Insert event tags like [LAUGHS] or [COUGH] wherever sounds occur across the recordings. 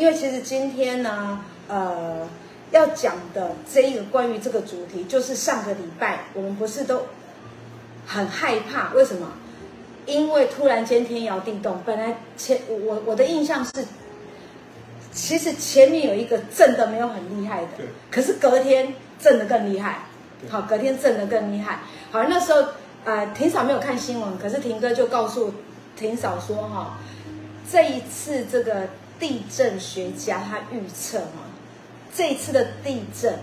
因為其實今天呢，呃，要講的這一個關於這個主題，就是上個禮拜我們不是都很害怕？為什麼？因為突然間天搖地動。本來前我我的印象是，其實前面有一個震得沒有很厲害的，對可是隔天震得更厲害，好，隔天震得更厲害。好，那時候呃，霆嫂沒有看新聞，可是霆哥就告訴霆嫂說，哈、哦，這一次這個。地震學家他預測嘛，這一次的地震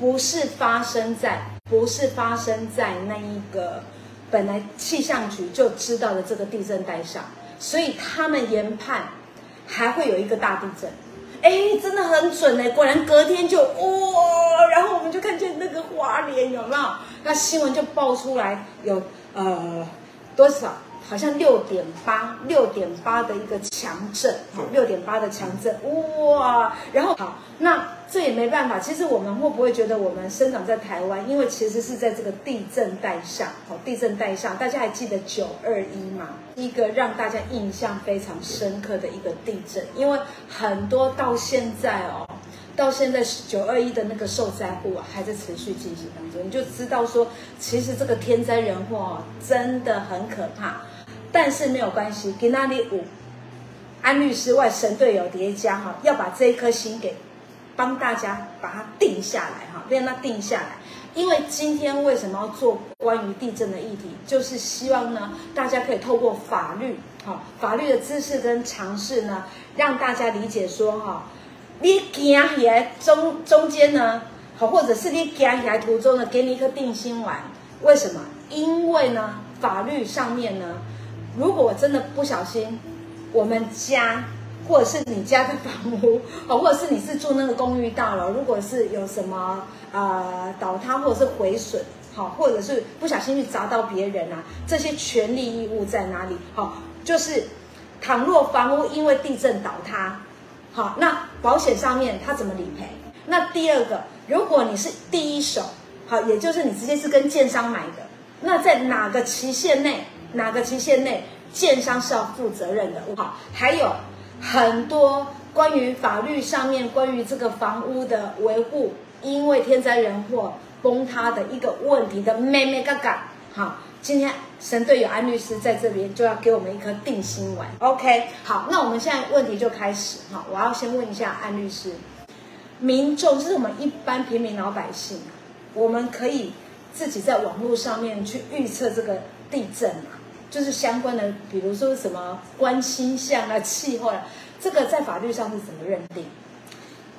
不是發生在不是發生在那一個本來氣象局就知道的這個地震帶上，所以他們研判還會有一個大地震，哎，真的很準哎，果然隔天就哦，然後我們就看見那個花蓮有沒有？那新聞就爆出來有呃多少？好像六點八，六點八的一個強震，好，六點八的強震，哇！然後好，那這也沒辦法。其實我們會不會覺得我們生長在台灣？因為其實是在這個地震帶上，哦，地震帶上，大家還記得九二一嗎？一個讓大家印象非常深刻的一個地震。因為很多到現在哦，到現在九二一的那個受災戶啊，還在持續進行當中。你就知道說，其實這個天災人禍哦，真的很可怕。但是沒有關係，給那裡五，安律師外神隊友疊加哈，要把這一顆心給幫大家把它定下來哈，讓它定下來。因為今天為什麼要做關於地震的議題，就是希望呢，大家可以透過法律哈，法律的知識跟常識呢，讓大家理解說哈，你驚起來中中間呢，好，或者是你驚起來途中呢，給你一顆定心丸。為什麼？因為呢，法律上面呢。如果真的不小心，我們家或者是你家的房屋，哦，或者是你是住那個公寓大樓，如果是有什麼啊、呃、倒塌或者是毀損，好，或者是不小心去砸到別人啊，這些權利義務在哪裡？好，就是倘若房屋因為地震倒塌，好，那保險上面它怎麼理賠？那第二個，如果你是第一手，好，也就是你直接是跟建商買的，那在哪個期限內？哪個期限內，建商是要負責任的。好，還有很多關於法律上面，關於這個房屋的維護，因為天災人禍崩塌的一個問題的妹妹嘎嘎。好，今天神隊友安律師在這邊，就要給我們一顆定心丸。OK，好，那我們現在問題就開始。好，我要先問一下安律師，民眾就是我們一般平民老百姓，我們可以自己在網絡上面去預測這個地震嗎？就是相關的，比如說什麼關於氣象啊、氣候啊，這個在法律上是怎麼認定？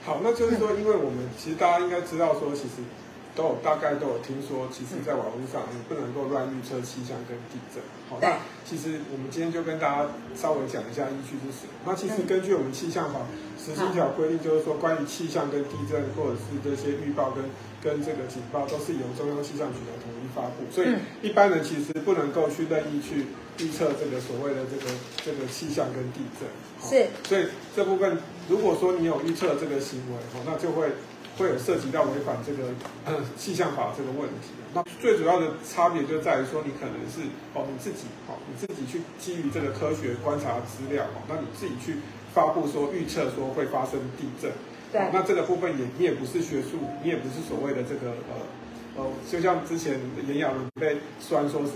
好，那就是說，因為我們其實大家應該知道說，說其實都有大概都有聽說，其實在網絡上你不能夠亂預測氣象跟地震。好，對那其實我們今天就跟大家稍微講一下依據是什麼。那其實根據我們氣象法十三、嗯、十七條規定，就是說好關於氣象跟地震或者是這些預報跟跟這個警報，都是由中央氣象局來統一發布。所以、嗯、一般人其實不能夠去任意去預測這個所謂的這個這個氣象跟地震。是、哦，所以這部分如果說你有預測這個行為，哦，那就會。會有涉及到違反這個、呃、氣象法這個問題。那最主要的差別就在於說，你可能是哦你自己，好、哦、你自己去基於這個科學觀察資料，哦那你自己去發布說預測說會發生地震，對、哦，那這個部分也你也不是學術，你也不是所謂的這個呃呃，就像之前炎亞綸被雖然說是。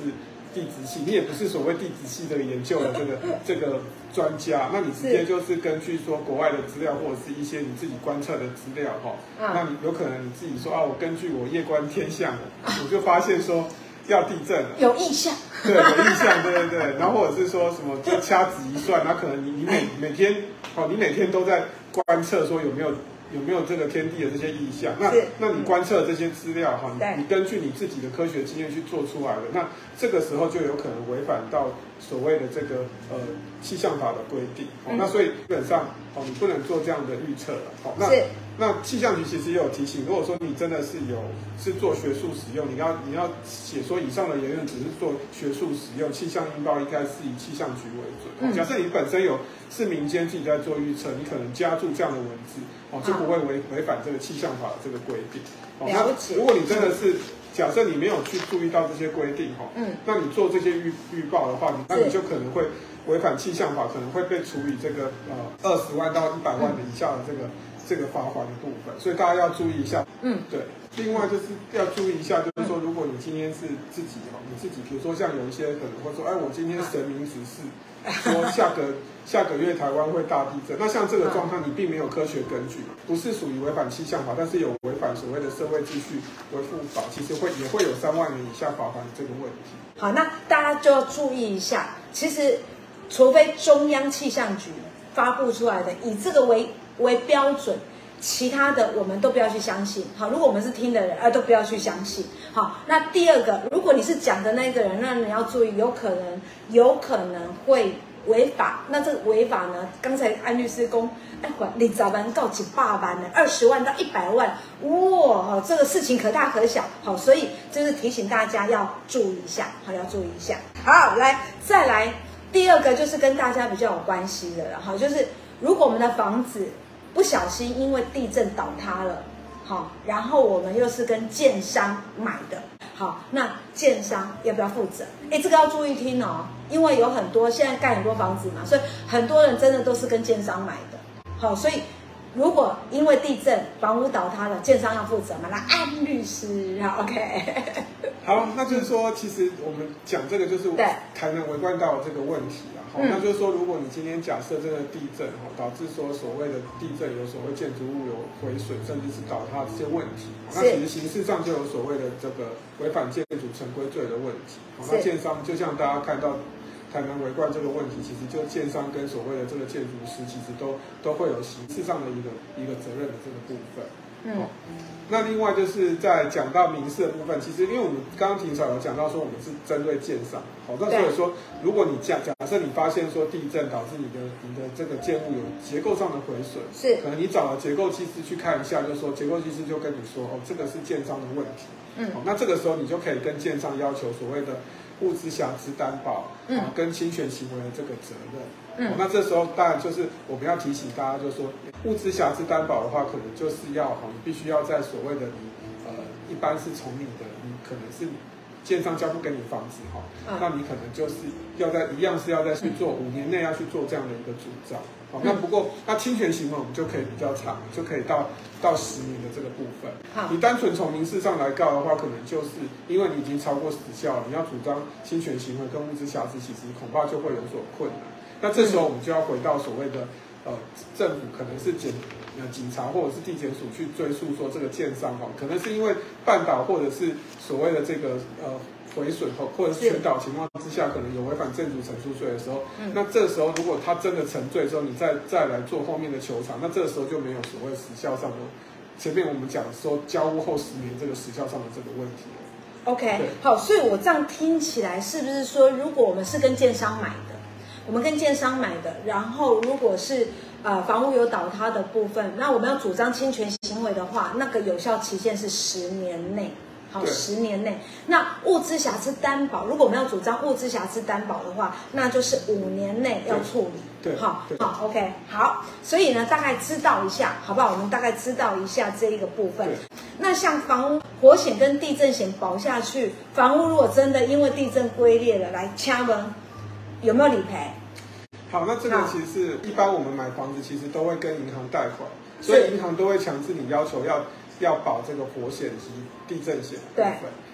地質系，你也不是所謂地質系的研究的這個這個專家，那你直接就是根據說國外的資料或者是一些你自己觀測的資料哈，啊、那你有可能你自己說啊，我根據我夜觀天象，我就發現說要地震，有印象，對，有印象，對對對，然後或者是說什麼就掐指一算，那可能你你每每天哦、啊，你每天都在觀測說有沒有。有沒有這個天地的這些意向？那那你觀測這些資料哈，你你根據你自己的科學經驗去做出來的，那這個時候就有可能違反到。所謂的這個呃氣象法的規定是、哦，那所以基本上、哦、你不能做這樣的預測了。好、哦，那是那氣象局其實也有提醒，如果說你真的是有是做學術使用，你要你要寫說以上的言論只是做學術使用，氣象預報應該是以氣象局為準。哦、假設你本身有是民間自己在做預測，你可能加注這樣的文字哦，就不會違違反這個氣象法的這個規定。啊、哦，那如果你真的是。欸假設你沒有去注意到這些規定哈，嗯，那你做這些預預報的話，那你就可能會違反氣象法，是可能會被處以這個呃二十萬到一百萬以下的這個、嗯、這個罰款的部分，所以大家要注意一下，嗯，對。另外就是要注意一下，就是說如果你今天是自己哈，嗯、你自己，比如說像有一些可能會說，哎，我今天神明指示。 [LAUGHS] 說下個下個月台灣會大地震，那像這個狀況，你並沒有科學根據，不是屬於違反氣象法，但是有違反所謂的社會秩序維護法，其實會也會有三萬元以下罰款這個問題。好，那大家就要注意一下，其實除非中央氣象局發布出來的，以這個為為標準。其他的我們都不要去相信，好，如果我們是聽的人，都不要去相信，好。那第二個，如果你是講的那個人，那你要注意，有可能有可能會違法，那這個違法呢？剛才安律師公，哎，你早辦？告起爸爸呢？二十萬到一百萬，哇，哈，這個事情可大可小，好，所以就是提醒大家要注意一下，好，要注意一下。好，來再來第二個，就是跟大家比較有關係的了，哈，就是如果我們的房子。不小心因為地震倒塌了，好，然後我們又是跟建商買的，好，那建商要不要負責？哎，這個要注意聽哦，因為有很多現在蓋很多房子嘛，所以很多人真的都是跟建商買的，好，所以。如果因為地震房屋倒塌了，建商要負責嗎？那安律師，哈，OK。好，那就是說，其實我們講這個就是台南維冠大樓這個問題啊。對好，那就是說，如果你今天假設真的地震，哈，導致說所謂的地震有所謂建築物有毀損，甚至是倒塌的這些問題，嗯，那其實刑事上就有所謂的這個違反建築成規罪的問題好是好。那建商就像大家看到。台南維冠這個問題，其實就建商跟所謂的這個建築師，其實都都會有民事上的一個一個責任的這個部分，嗯嗯。那另外就是在講到民事的部分，其實因為我們剛剛霆嫂有講到說，我們是針對建商。好，哦，那所以說，對如果你假假設你發現說地震導致你的你的這個建物有結構上的毀損，是，可能你找了結構技師去看一下，就說結構技師就跟你說，哦，這個是建商的問題。嗯，哦，那這個時候你就可以跟建商要求所謂的。物之瑕疵擔保、啊，跟侵權行為的這個責任、嗯，哦，那這時候當然就是我們要提醒大家就是，就說物之瑕疵擔保的話，可能就是要你、嗯、必須要在所謂的你呃，一般是從你的，你可能是。建商交付給你房子哈，哦、那你可能就是要在一樣是要在去做、嗯、五年內要去做這樣的一個主張，好、嗯哦，那不過那侵權行為我們就可以比較長，就可以到到十年的這個部分。嗯、你單純從民事上來告的話，可能就是因為你已經超過時效，了，你要主張侵權行為跟物質瑕疵，其實恐怕就會有所困難。那這時候我們就要回到所謂的。嗯呃，政府可能是檢呃警察或者是地檢署去追訴說這個建商哈，可能是因為半倒或者是所謂的這個呃毀損或或者是全倒情況之下，是可能有違反建築術成規罪的時候，嗯、那這時候如果他真的成罪之後你再再來做後面的求償，那這個時候就沒有所謂時效上的，前面我們講說交屋後十年這個時效上的這個問題。OK，對好，所以我這樣聽起來是不是說，如果我們是跟建商買的？我們跟建商買的，然後如果是呃房屋有倒塌的部分，那我們要主張侵權行為的話，那個有效期限是十年內，好，對十年內。那物之瑕疵擔保，如果我們要主張物之瑕疵擔保的話，那就是五年內要處理，對對對好，對好，OK，好。所以呢，大概知道一下，好不好？我們大概知道一下這一個部分。對那像房屋火險跟地震險保下去，房屋如果真的因為地震龜裂了，來掐門。有沒有理賠？好，那這個其實一般我們買房子，其實都會跟銀行貸款，是所以銀行都會強制你要求要要保這個火險及地震險對。對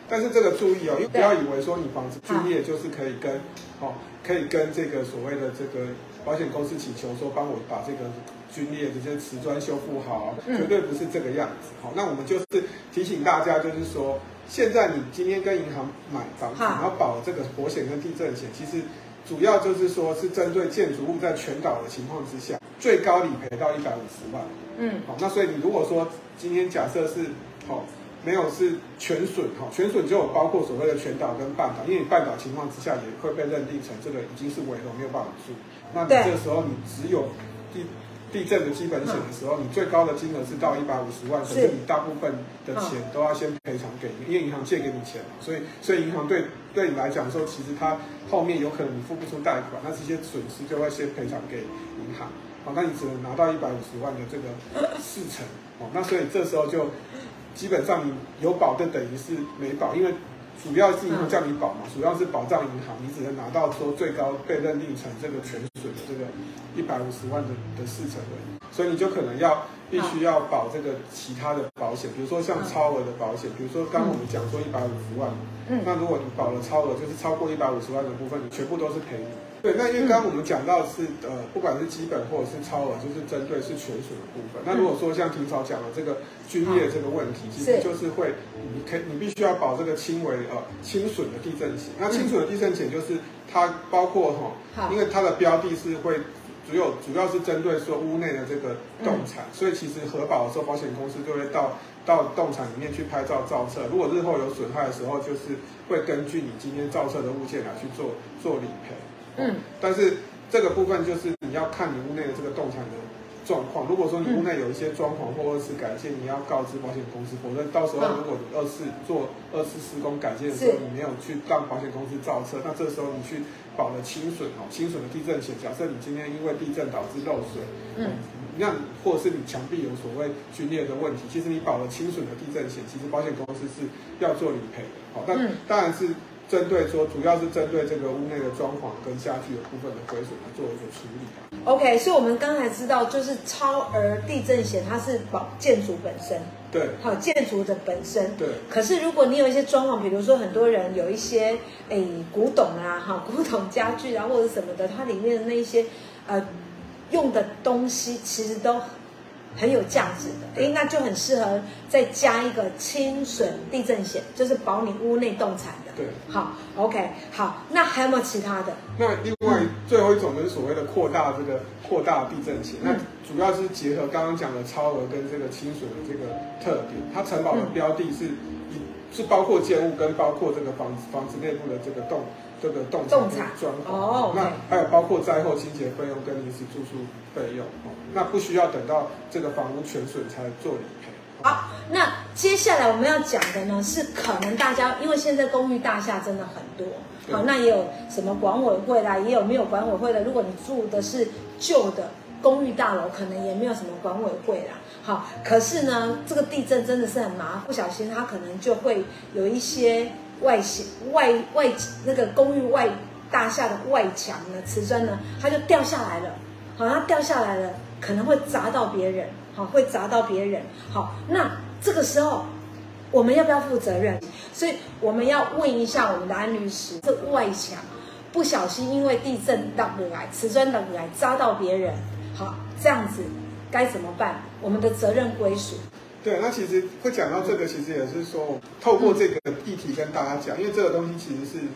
但是這個注意哦，對不要以為說你房子龜裂就是可以跟好哦可以跟這個所謂的這個保險公司請求說幫我把這個龜裂這些瓷磚修復好、啊，嗯、絕對不是這個樣子。好、哦，那我們就是提醒大家，就是說現在你今天跟銀行買房子，你要好保這個火險跟地震險，其實。主要就是說，是針對建築物在全倒的情況之下，最高理賠到一百五十萬。嗯，好、哦，那所以你如果說今天假設是，好、哦、沒有是全損，哈、哦，全損就有包括所謂的全倒跟半倒，因為你半倒情況之下也會被認定成這個已經是危樓，沒有辦法住。那你這時候你只有第。對你地震的基本險的時候，嗯、你最高的金額是到一百五十萬，所以是你大部分的錢都要先賠償給銀行，嗯、因為銀行借給你錢嘛，所以所以銀行對對你來講說，其實它後面有可能你付不出貸款，那這些損失就會先賠償給銀行，好，那你只能拿到一百五十萬的這個四成，哦，那所以這時候就基本上你有保的等於是沒保，因為主要是銀行叫你保嘛，嗯、主要是保障銀行，你只能拿到說最高被認定成這個全損的這個。一百五十萬的的四成而已，所以你就可能要必須要保這個其他的保險，啊、比如說像超額的保險，啊、比如說剛我們講說一百五十萬，嗯，那如果你保了超額，就是超過一百五十萬的部分，你全部都是賠你。嗯、對，那因為剛我們講到的是呃，不管是基本或者是超額，就是針對是全損的部分。嗯、那如果說像霆嫂講的這個龜裂這個問題，啊、其實就是會，是你可以你必須要保這個輕微呃輕損的地震險。那輕損的地震險，就是嗯、就是它包括哈，好因為它的標的是會。只有主要是針對說屋內的這個動產，所以其實核保的時候，保險公司就會到到動產裡面去拍照造冊，如果日後有損害的時候，就是會根據你今天造冊的物件來去做做理賠。嗯，但是這個部分就是你要看你屋內的這個動產的。狀況，如果說你屋內有一些裝潢或者是改建，嗯、你要告知保險公司，否則到時候如果你二次做二次施工改建的時候，是你沒有去讓保險公司造冊，那這時候你去保了輕損哦，輕損的地震險，假設你今天因為地震導致漏水，嗯，那、嗯、或者是你牆壁有所謂龜裂的問題，其實你保了輕損的地震險，其實保險公司是要做理賠的，好，但、嗯、當然是。針對說，主要是針對這個屋內的裝潢跟家具的部分的虧損來做一個處理 OK，所以我們剛才知道，就是超額地震險，它是保建築本身，對，好，建築的本身，對。可是如果你有一些裝潢，比如說很多人有一些誒古董啊，哈，古董家具啊或者什麼的，它裡面的那一些呃用的東西，其實都很有價值的。誒，那就很適合再加一個清損地震險，就是保你屋內動產。對，好，OK，好，那還有沒有其他的？那另外最後一種就是所謂的擴大這個擴大的地震險，嗯、那主要是結合剛剛講的超額跟這個輕損的這個特點，它承保的標的是一、嗯、是包括建物跟包括這個房子房子內部的這個動這個動動產場哦，那還有包括災後清潔費用跟臨時住宿費用，哦 okay、那不需要等到這個房屋全損才做理賠。好，那接下來我們要講的呢，是可能大家因為現在公寓大廈真的很多，好，那也有什麼管委會啦，也有沒有管委會的。如果你住的是舊的公寓大樓，可能也沒有什麼管委會啦。好，可是呢，這個地震真的是很麻煩，不小心它可能就會有一些外形，外外，外那個公寓外大廈的外牆呢，磁磚呢，它就掉下來了。好，它掉下來了，可能會砸到別人。好，會砸到別人。好，那這個時候我們要不要負責任？所以我們要問一下我們的安律師，這外牆不小心因為地震掉下來，瓷磚掉下來砸到別人，好，這樣子該怎麼辦？我們的責任歸屬？對，那其實會講到這個，其實也是說，透過這個議題跟大家講，嗯、因為這個東西其實是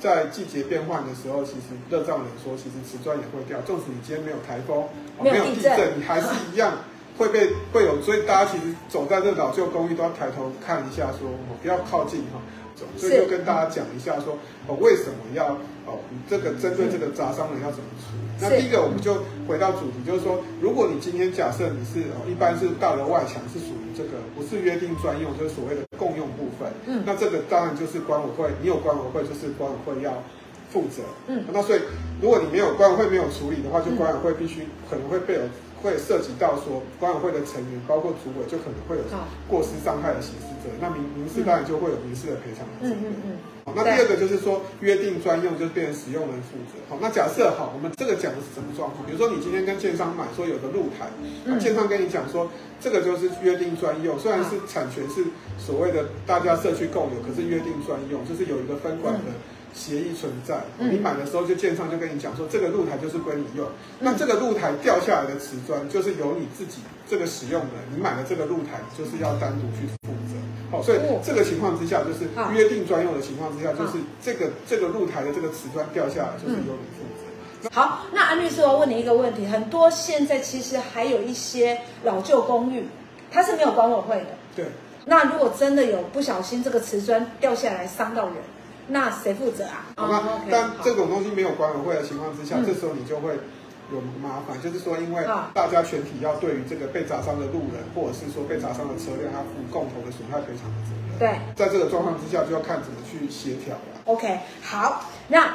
在季節變換的時候，其實熱脹冷縮，其實瓷磚也會掉。縱使你今天沒有台風，沒有地震，嗯、你還是一樣。嗯會被會有，所以大家其實走在這老舊公寓都要抬頭看一下說，說哦不要靠近哈，走、哦。所以就跟大家講一下說，說是哦為什麼要哦，你這個針對這個砸傷人要怎麼處理？是那第一個我們就回到主題，就是說，如果你今天假設你是哦，一般是大樓外牆是屬於這個不是約定專用，就是所謂的共用部分，嗯，那這個當然就是管委會，你有管委會就是管委會要負責，嗯，那所以如果你沒有管委會沒有處理的話，就管委會必須可能會被有，會涉及到說管委會的成員，包括主委，就可能會有過失傷害的刑事責任。哦、那民民事當然就會有民事的賠償的責任。嗯、那第二個就是說對約定專用就變成使用人負責。好、哦，那假設哈，對我們這個講的是什麼狀況？比如說你今天跟建商買說有個露台，嗯啊、那建商跟你講說這個就是約定專用，雖然是產權是所謂的大家社區共有，可是約定專用就是有一個分管的。嗯嗯協議存在，你買的時候就建商就跟你講說，嗯、這個露台就是歸你用。那這個露台掉下來的瓷磚就是由你自己這個使用的，你買了這個露台就是要單獨去負責。好、哦，所以這個情況之下就是約定專用的情況之下，就是這個、啊、這個露台的這個瓷磚掉下來就是由你負責。嗯、那好，那安律師我要問你一個問題，很多現在其實還有一些老舊公寓，它是沒有管委會的。對。那如果真的有不小心這個瓷磚掉下來傷到人？那誰負責啊？好嗎、嗯嗯 okay，但這種東西沒有管委會的情況之下，嗯、這時候你就會有麻煩，嗯、就是說，因為大家全體要對於這個被砸傷的路人，嗯、或者是說被砸傷的車輛，他負共同的損害賠償的責任。嗯、責任對，在這個狀況之下，就要看怎麼去協調了。OK，好，那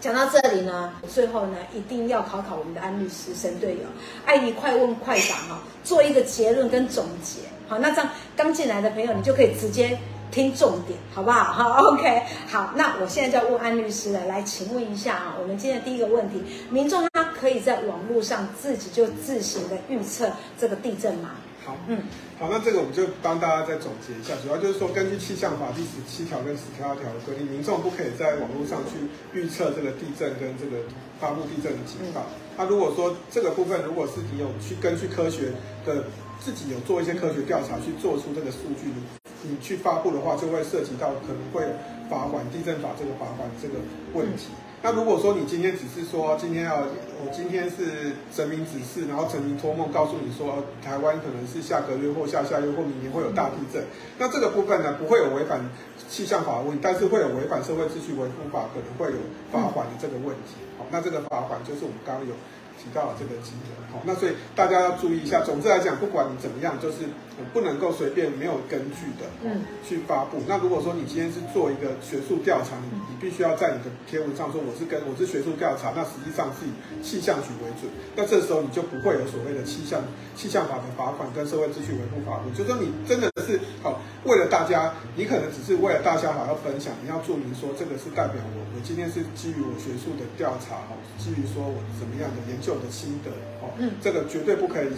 講到這裡呢，最後呢，一定要考考我們的安律師，神隊友，艾迪快問快答哈，做一個結論跟總結。好，那這樣剛進來的朋友，你就可以直接。聽重點好不好？好，oh，OK，好，那我現在就要問安律師了。來，請問一下啊，我們今天第一個問題，民眾他可以在網絡上自己就自行的預測這個地震嗎？好，嗯，好，那這個我們就幫大家再總結一下，主要就是說，根據氣象法第十七條跟十二條的規定，民眾不可以在網絡上去預測這個地震跟這個發布地震的情況。那、啊、如果說這個部分如果是你有去根據科學的。自己有做一些科學調查去做出這個數據，你你去發布的話，就會涉及到可能會有罰款地震法這個罰款這個問題。那如果說你今天只是說今天要、啊、我今天是神明指示，然後神明托夢告訴你說、啊、台灣可能是下個月或下下月或明年會有大地震，那這個部分呢，不會有違反氣象法的問題，但是會有違反社會秩序維護法，可能會有罰款的這個問題。好，那這個罰款就是我們剛剛有。提到了這個金額。好，那所以大家要注意一下。總之來講，不管你怎麼樣，就是我不能夠隨便沒有根據的去發布。那如果說你今天是做一個學術調查，你，你必須要在你的貼文上說，我是跟我是學術調查，那實際上是以氣象局為準。那這時候你就不會有所謂的氣象氣象法的罰款跟社會秩序維護法律，就是說你真的是好，哦，為了大家，你可能只是為了大家好要分享，你要注明說這個是代表我，我今天是基於我學術的調查，哈，基於說我怎麼樣的研究。舊的心得，哦，嗯，這個絕對不可以。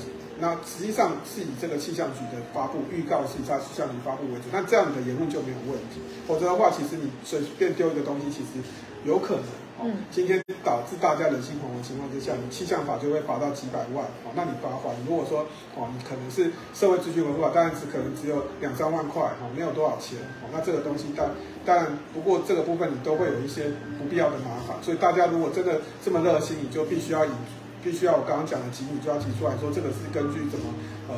那實際上是以這個氣象局的發布預告，是以氣象局發布為主，那這樣的言論就沒有問題。否則的話，其實你隨便丟一個東西，其實有可能，哦、嗯，今天導致大家人心惶惶的情況之下，你氣象法就會罰到幾百萬，哦，那你罰款。如果說，哦，你可能是社會秩序維護法當然是可能只有兩三萬塊，哈、哦，沒有多少錢，哦，那這個東西在。但不過這個部分你都會有一些不必要的麻煩，所以大家如果真的這麼熱心，你就必須要以必須要我剛剛講的幾點就要提出來，說這個是根據怎麼呃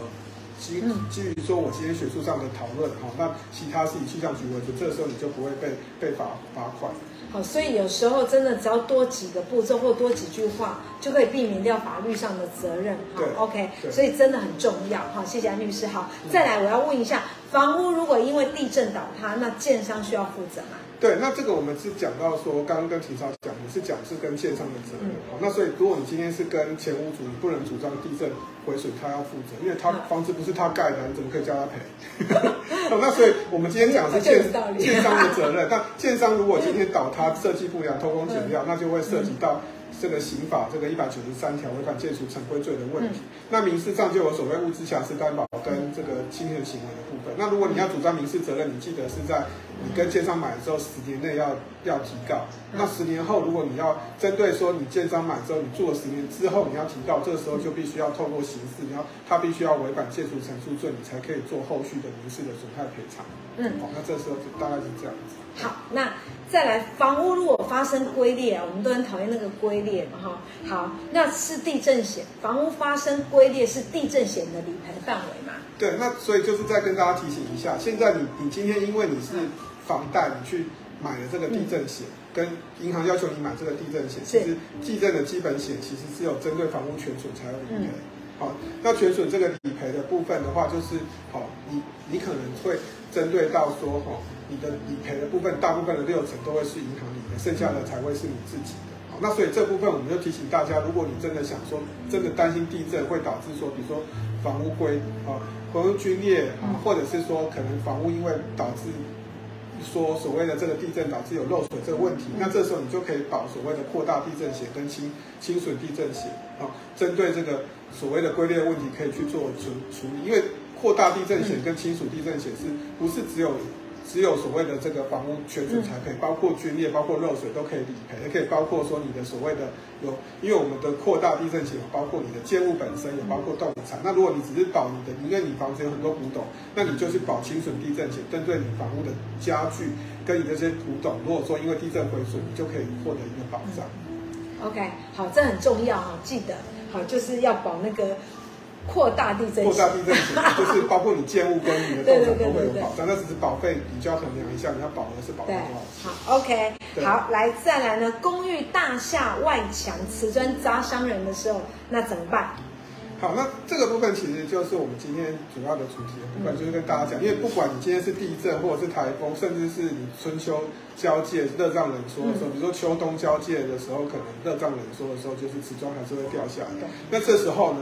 基於基於說我今天學術上的討論哈，那其他是以氣象局為主，這個時候你就不會被被罰罰款、嗯嗯。好，所以有時候真的只要多幾個步驟或多幾句話，就可以避免掉法律上的責任哈。對，OK，所以真的很重要哈。謝謝安律師哈。再來，我要問一下。嗯房屋如果因為地震倒塌，那建商需要負責嗎？對，那這個我們是講到說，剛剛跟霆嫂講的是講是跟建商的責任、嗯哦。那所以如果你今天是跟前屋主，你不能主張地震毀損，他要負責，因為他房子不是他蓋的，好你怎麼可以叫他賠、 [LAUGHS] 哦？那所以我們今天講是建 [LAUGHS] 是 [LAUGHS] 建商的責任。但建商如果今天倒塌，設計不良、偷工減料，對那就會涉及到、嗯。這個刑法這個一百九十三條違反建築成規罪的問題，嗯、那民事上就有所謂物之瑕疵擔保跟這個侵權行為的部分。那如果你要主張民事責任，你記得是在你跟建商買的時候十年內要要提告。嗯、那十年後，如果你要針對說你建商買之後你做了十年之後你要提告，這個時候就必須要透過刑事，你要，他必須要違反建築成規罪，你才可以做後續的民事的損害賠償。嗯，好、哦，那這時候就大概是這樣子。好，那再來，房屋如果發生龜裂，我們都很討厭那個龜裂嘛，哈。好，那是地震險，房屋發生龜裂是地震險的理賠範圍嘛？對，那所以就是再跟大家提醒一下，現在你你今天因為你是房貸，你去買了這個地震險，跟銀行要求你買這個地震險，其實地震的基本險其實只有針對房屋全損才有理賠。嗯、好，那全損這個理賠的部分的話，就是好、哦，你你可能會。針對到說哈，你的理賠的部分，大部分的六成都會是銀行裡面，剩下的才會是你自己的。那所以這部分我們就提醒大家，如果你真的想說，真的擔心地震會導致說，比如說房屋龜啊、房屋龜裂或者是說可能房屋因為導致說所謂的這個地震導致有漏水這個問題，那這時候你就可以保所謂的擴大地震險跟清清損地震險啊，針對這個所謂的龜裂問題可以去做處處理，因為。擴大地震險跟輕損地震險是不是只有、嗯、只有所謂的這個房屋全損才賠？包括皸裂、包括漏水都可以理賠，也可以包括說你的所謂的有，因為我們的擴大地震險包括你的建物本身，也包括動產、嗯、那如果你只是保你的，因為你房子有很多古董，那你就是保輕損地震險，針對你房屋的家具跟你這些古董，如果說因為地震毀損，你就可以獲得一個保障、嗯。OK，好，這很重要哈，記得好就是要保那個。擴大地震，擴大地震險 [LAUGHS] 就是包括你建物跟你的動作都會有保障，那只是保費比較衡量一下，你要保的是保多少。好，OK，對好，來，再來呢，公寓大廈外牆瓷磚砸傷人的時候，那怎麼辦？好，那這個部分其實就是我們今天主要的主題，不管就是跟大家講，嗯、因為不管你今天是地震或者是台風，甚至是你春秋交界熱脹冷縮的時候，嗯、比如說秋冬交界的時候，可能熱脹冷縮的時候，就是瓷磚還是會掉下來的。嗯、那這時候呢？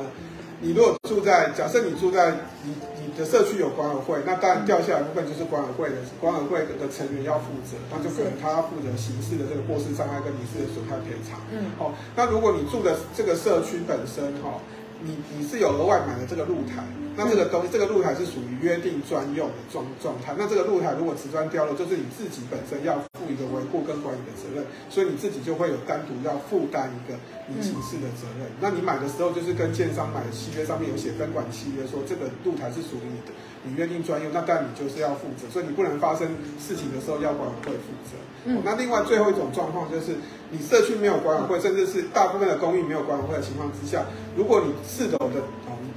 你如果住在，假設你住在你你的社區有管委會，那當然掉下來、嗯、部分就是管委會的管委會的成員要負責，那就可能他負責刑事的這個過失傷害跟民事的損害賠償。嗯，好、哦，那如果你住的這個社區本身哈、哦，你你是有額外買了這個露台。那這個東西，這個露台是屬於約定專用的狀狀態。那這個露台如果瓷磚掉了，就是你自己本身要負一個維護跟管理的責任，所以你自己就會有單獨要負擔一個民刑事的責任。嗯、那你買的時候就是跟建商買的契約上面有寫分管契約，說這個露台是屬於你的，你約定專用，那當然你就是要負責，所以你不能發生事情的時候要管委會負責。嗯、那另外最後一種狀況就是你社區沒有管委會，甚至是大部分的公寓沒有管委會的情況之下，如果你四樓的，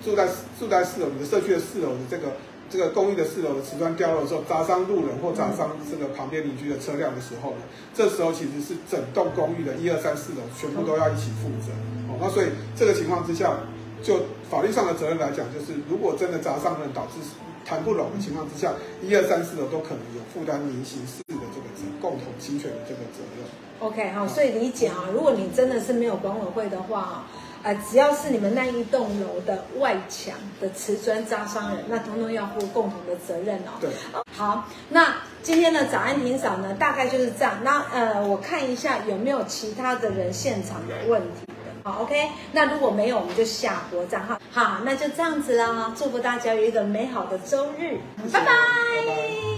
住在住在四樓，你的社區的四樓的這個這個公寓的四樓的瓷磚掉落的時候砸傷路人或砸傷這個旁邊鄰居的車輛的時候呢，這時候其實是整棟公寓的一二三四樓全部都要一起負責。嗯、哦，那所以這個情況之下，就法律上的責任來講，就是如果真的砸傷人導致談不攏的情況之下，一二三四樓都可能有負擔民刑事的這個責共同侵權的這個責任。OK，好，所以理解啊，如果你真的是沒有管委會的話啊。呃，只要是你們那一棟樓的外牆的瓷磚砸傷人，那通通要負共同的責任哦。對，好，那今天的早安霆嫂呢，大概就是這樣。那呃，我看一下有沒有其他的人現場有問題的。好，OK。那如果沒有，我們就下播，這樣哈。好，那就這樣子啦，哦，祝福大家有一個美好的周日，謝謝，拜拜。拜拜。